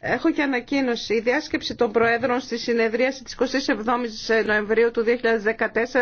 Έχω και ανακοίνωση. Η διάσκεψη των Προέδρων στη συνεδρίαση της 27 η Νοεμβρίου του 2014